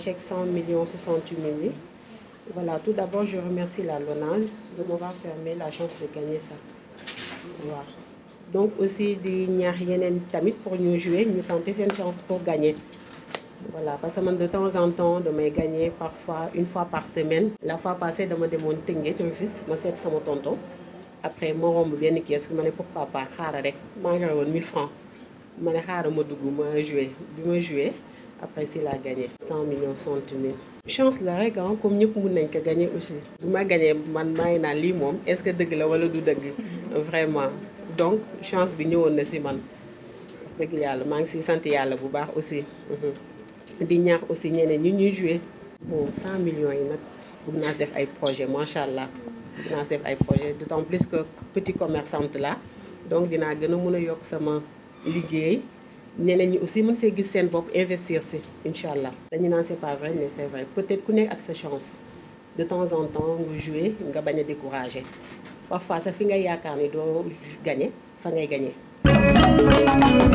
chèques 100 millions 68 000 yi voilà tout d'abord je remercie la LONASE de m'avoir permis la chance de gagner ça waaw donc aussi di ñaax yeneen tamit pour ñu jouer ñu tenter seen chance pour gagner voilà parce que man de temps en temps damay gagner parfois une fois par semaine la fois passée dama demoon Tëngéej Rufisque ma seet sama tonton après ma romb benn kees ma ne pourquoi pas xaaral rek maa ngi woon 1000 francs ma ne xaaral ma dugg ma jouer bi ma jouer après si laa gagné million millions centimètres. chance la rek ah comme ñëpp mun nañ ko gagné aussi bu ma gagné man maa ngi naan lii moom est-ce que dëgg la wala du dëgg. vraiment donc chance bi ñëwoon na si man. dëgg yàlla maa ngi siy sant yàlla bu baax aussi. Mhm. di ñaax aussi ñeneen ñu ñuy joué. bon 100 millions yi nag bëgg naa si def ay projet macha allah bëgg naa def ay projet d'autant plus que petit commerçante la donc dinaa gën a mun a yokk sama liggéey. ñeneen ñi aussi mën see gis seen bopp investir si incha allah. dañu naan c'est pas vrai mais c'est vrai peut-être ku nekk ak sa chance de temps en temps nga jouer nga bañ a décourager parfois sax fi ngay yaakaar ni doo gagner fa ngay gagner.